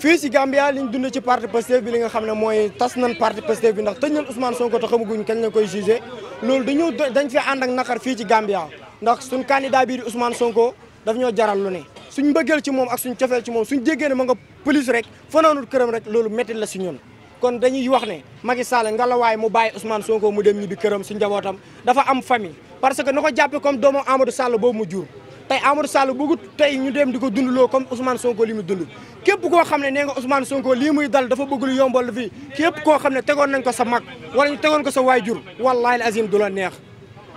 fii si Gambia liñ dund ci parti Pastef bi a xam ne mooy tas nan parti Pastef bi ndax tëj nañ Ousmane Sonko te xamaguñ kañ la koy jugé loolu dañu dañ fi ànd ak naqar fii ci Gambia ndax suñ candidat bii di Ousmane Sonko daf ñoo ne suñ mbëggeel ci moom ak suñ cofeel ci moom suñ jéggee ne ma nga police rek fanaanul këram rek loolu métti la si ñun kon dañuy wax ne Macky Sall nga la waay mu bàyyi Ousmane Sonko mu dem ñibbi këram si njabootam dafa am famille parce que na ko jàppe comme doomu Amadou Sall boobu jur tey Amadou Sall bëggut tey ñu dem di ko dundloo comme Ousmane Sonko li mu dund képp koo xam ne nee nga Sonko lii muy dal dafa bëgg lu fi fii képp koo xam ne tegoon nañ ko sa mag ñu tegoon ko sa waajur wallaahi azim du la neex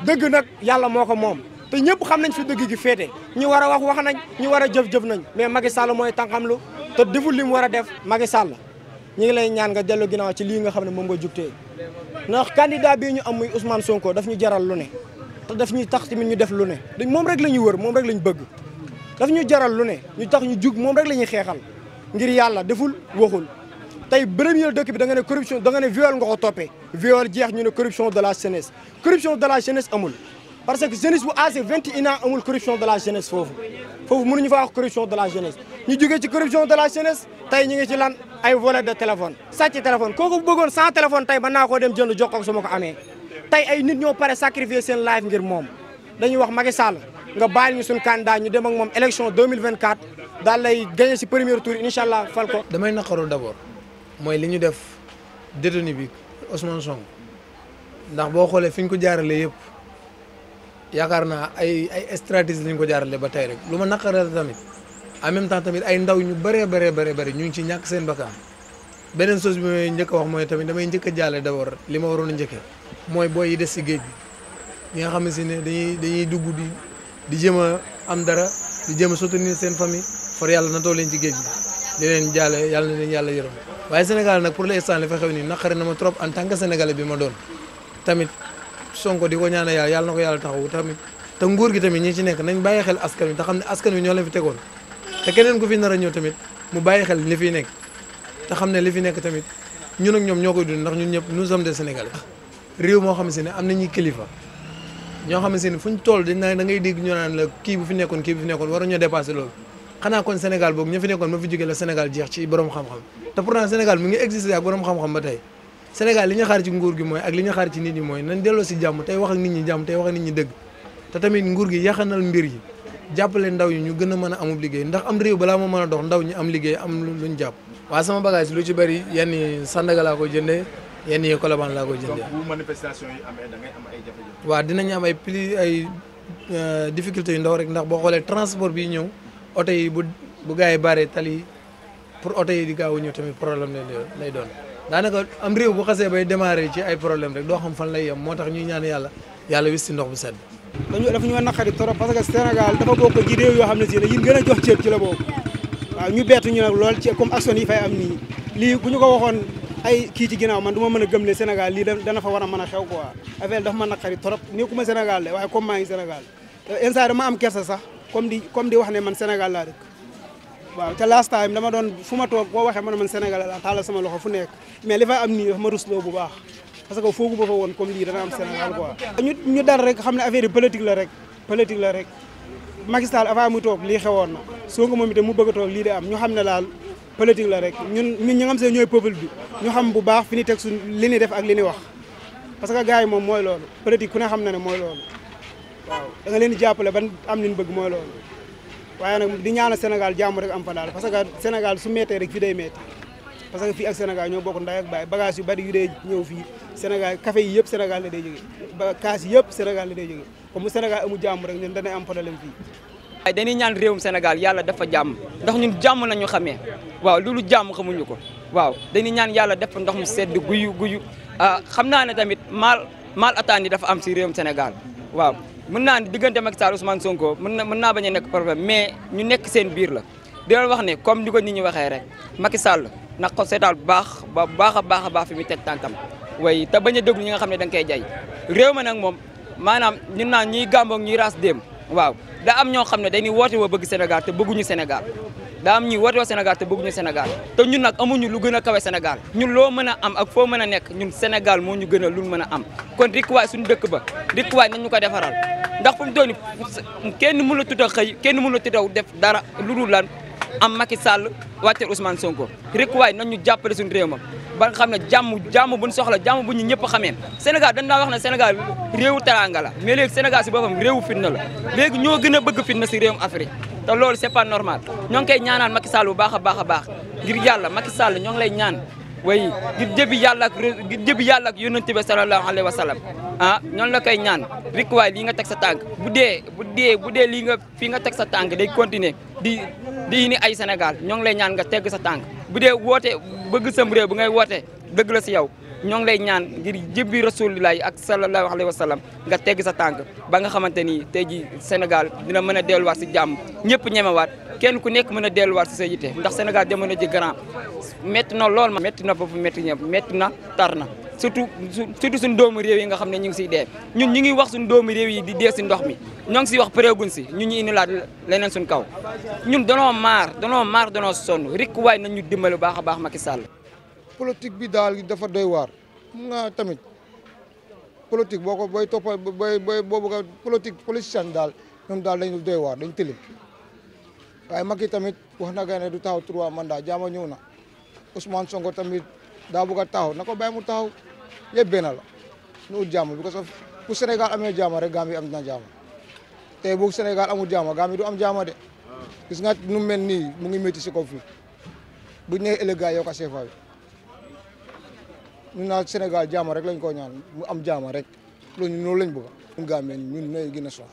dëgg nag yàlla moo ko moom te ñëpp xam nañ fi dëgg gi féete ñu war a wax wax nañ ñu war a jëf-jëf nañ mais Macky Sall mooy tànqamlu te deful li mu war a def Macky Sall ñu ngi lay ñaan nga dellu ginnaaw ci lii nga xam ne moom nga jubtee ndax candidat bii ñu am muy Sonko daf ñu jaral lu ne te daf ñuy tax tamit ñu def lu ne moom rek la ñuy wër moom rek la ñu bëgg daf ñu jaral lu ne ñu tax ñu jug moom rek la ñuy xeexal ngir yàlla deful waxul tey premier dëkk bi da nga ne corruption da nga ne viol nga ko viol jeex ñu ne corruption de la jeunesse corruption de la jeunesse amul parce que jeunesse bu âgé vingt et un ans amul corruption de la jeunesse foofu foofu mënuñu fa corruption de la jeunesse ñu jógee ci corruption de la jeunesse tey ñu ngi ci lan ay volet koo dem jënd jox ko su tey ay nit ñoo pare sacrifier seen life ngir moom dañuy wax Macky Sall nga bàyyi ñu suñu candidat ñu dem ak moom élection 2024 daal lay gagné si premier tour incha allah fal ko. damay naqaru d' mooy li ñu def détenu bi Ousmane Sonko ndax boo xoolee fi ñu ko jaaralee yëpp yaakaar naa ay ay stratégie lañ ko jaaralee ba tey rek lu ma naqaree tamit en même temps tamit ay ndaw ñu bëree bare bëree bëri ñu ngi ci ñàkk seen bakkan beneen chose bi may njëkk wax mooy tamit damay njëkk a d' abord li ma waroon a mooy booy yi des si géej bi ñi nga xam ne dañuy dañuy dugg di di jëm a am dara di jëm a soutenir seen famille far yàlla natoo leen ci géej bi di leen jaale yàlla na yàlla yërëm waaye Sénégal nag pour l'instant li fa xew nii naqari na ma trop tant que sénégalais bi ma doon tamit Sonko di ko ñaana yàlla yàlla na yàlla taxawu tamit te nguur gi tamit ñi ci nekk nañ bàyyi xel askan wi te ne askan wi ñoo leen fi tegoon te keneen ku fi nar a ñëw tamit mu bàyyi xel li fi nekk te xam ne li fi nekk tamit ñun ak ñoom ñoo koy dund ndax ñun ñëpp nous sommes des sénégalais réew moo xam si ne am nañuy kilifa ñoo xam si ne fuñ toll dañ naan da ngay dégg ñu naan la kii bu fi nekkoon kii bu fi nekkoon waruñoo dépassé loolu xanaa kon Sénégal boog ña fi nekkoon ma fi jógee la Sénégal jeex ci borom xam-xam te pourtant Sénégal ngi existé ak xam-xam ba tey Sénégal li ñu xaar ci nguur gi mooy ak li ña xaar ci nit ñi mooy nañ delloo si jàmm tey wax ak nit ñi jàmm tey wax ak nit ñi dëgg te tamit nguur gi yaxanal mbir yi jàppale ndaw yi ñu gën a mën a amub liggéey ndax am réew balaa moo mën a dox ndaw ñi am liggéey am luñ jàpp waaw sama bagage lu ci bari yenn Sandaga laa ko yenn yi Colobane laa koy jëndee. donc dinañ am ay pli ay euh, difficultés yu ndaw rek ndax boo xoolee transport bi ñëw oto yi bu bu gars yi baree tali pour oto yi di gaaw a ñëw tamit problème lay doon daanaka am réew bu xasee bay démarrer ci ay problème rek doo xam fan lay yem moo tax ñuy ñaan yàlla yàlla wis si ndox bu sedd. dañu dafa ñu naqari trop parce que Sénégal dafa bokk ci réew yoo xam ne si ne yi gën a jox ceeb ci la boobu waaw ñu bettu ñu nag yi ay kii ci ginnaaw man du ma mën a gëm ne Sénégal lii dana fa war a mën a xew quoi affaire dafa ma naqari trop nekkuma Sénégal de waaye comme maa ngi Sénégal euh, instant dama am kersa sax comme di comme di wax ne man Sénégal laa dëkk waaw te last time doon fu ma toog boo waxee man man Sénégal laa sama loxo fu nekk mais li fay am nii dafa ma rusloo bu baax parce que foogu ba fa woon comme lii dana am Sénégal quoi ñu ñu dal rek xam ne affaire yi politique la rek politique la rek Macky Sall avant muy toog lii xewoon na soo nga moom itam mu bëgg toog lii de am ñu xam ne laal politique la rek ñun ñun ñi nga xam se ñooy peuple bi ñu xam bu baax fi ñu teg suñ li ñu def ak li ñu wax parce que gars yi moom mooy loolu politique ku ne xam na ne mooy loolu da nga leen di jàppale ban am li ñu bëgg mooy loolu waaye nag di ñaanal senegal jàmm rek am fa daal parce que Sénégal su méttee rek fi day métti parce que fii ak Sénégal ñoo bokk ndey baay bagage yu bari yu dee ñëw fii Sénégal café yëpp Sénégal la day jógee ba kaas yëpp Sénégal la day jógee comme Sénégal amu jàmm rek ñun danay am problème fii ay dañuy ñaan réewum Sénégal yàlla dafa jàmm ndox ñu jàmm la ñu xamee waaw loolu jàmm xamuñu ko waaw dañuy ñaan yàlla def ndox mu sedd guyu guyu ah xam naa ne tamit mal mal attaan yi dafa am si réewum Sénégal waaw mën naa ne diggante Macky Sall Ousmane Sonko mën na mën naa bañ a nekk problème mais ñu nekk seen biir la di leen wax ne comme ni ko nit ñi waxee rek Macky Sall na ko seetaal bu baax ba baax a baax a baax fi muy teg tànkam way te bañ a déglu ñi nga xam ne da nga koy jay réew ma nag moom maanaam ñun naan ñiy gàmboog ñuy raas déem waaw daa am ñoo xam ne dañuy woote woo bëgg Sénégal te bëgguñu Sénégal daa am ñuy woote woo Sénégal te bëgguñu Sénégal te ñun nag amuñu lu gën a kawe Sénégal ñun loo mën a am ak foo mën a nekk ñun Sénégal moo ñu gën a lu mën a am kon rikkuwaay suñu dëkk ba rikkuwaay nañ ñu ko defaral ndax fu mu doon kenn mën la tuta xëy kenn mun mën la tutaw def dara lu dul lan am Macky Sall wàcceel Ousmane Sonko rikkuwaay nañ ñu jàppale suñ réew ma ba nga xam ne jàmm jàmm buñ soxla jàmm bu ñu ñëpp xamee Sénégal dañ daan wax na Sénégal réewu teranga la mais léegi Sénégal si boppam réewu fitna la léegi ñoo gën a bëgg fitna si réewum Afrique te loolu c'est pas normal ñoo ngi koy ñaanal Macky Sall bu baax a baax a baax ngir yàlla Macky Sall ñoo ngi lay ñaan way gir jëbi yàlla ak ngir jëbi yàlla ak yonent bi sallallahu alayhi wa sallam ah ñoonu la koy ñaan rik waay lii nga teg sa tànk bu dee bu dee bu dee lii nga fii nga teg sa tànk day continuer di di ay Sénégal ñoo ngi lay ñaan nga tegg sa tànk bu dee woote bëgg sam réew bu ngay woote dëgg la si yow ñoo ngi lay ñaan ngir jébbi rasulilah ak sallallahu alayhi wa sallam nga tegg sa tànk ba nga xamante ni tey jii Sénégal dina mën a delluwaat si jàmm ñëpp ñemewaat kenn ku nekk mën a delluwaat si sa yite ndax Sénégal jamono ji grand métti na lool ma métti na boobu métti ñëpp metti na tar na surtout surtout suñu doomu réew yi nga xam ne ñu ngi siy dee ñu ñu ngi wax suñu doomu réew yi di dee si ndox mi ñoo ngi siy wax prégun si ñu ñu indilaat leneen suñu kaw ñun danoo maar danoo maar danoo sonn rikk waay nañ ñu dimbali baax a baax Macky Sall politique bi daal dafa doy waar mun nga tamit politique boo ko booy toppa booy booy boobu daal ñoom daal dañu doy waar dañ tëlim tamit wax na ne du taxaw trois mandat jaama ñëw na Ousmane Sonko tamit daa bëgg a na ko bàyyi mu taxaw yëpp la nu ut jaama bi parce que bu Sénégal amee jaama rek Gambie am na jaama te bu Sénégal amul jaama Gambie du am jaama de gis nga nu mel nii mu ngi métti si ko fii bu ñu nee ëllëg yow ka ñun naa Sénégal jaama rek lañ koo ñaan mu am jaama rek loolu ñun loolu lañ bëgg ñun Gambien ñun nooy gën a sox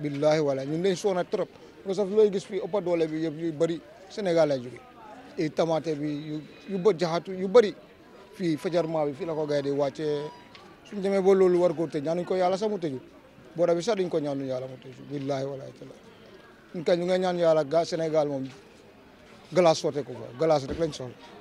billaahi wala ñun dañ soxna trop parce que looy gis fii ëpp doole bi yëpp yu bëri Sénégal lay jóge bi yu yu bë jaxatu fii fajarment bi fii la ko gars yi di wàccee suñ demee ba loolu war koo tëj ñaanuñ ko yàlla sax mu tëju boo bi sax duñ ko ñaanuñ yàlla mu tëju billaahi wala taala ñun kay ñu ngay ñaan yàlla ga Sénégal moom glace sotte ko fa rek lañ soxla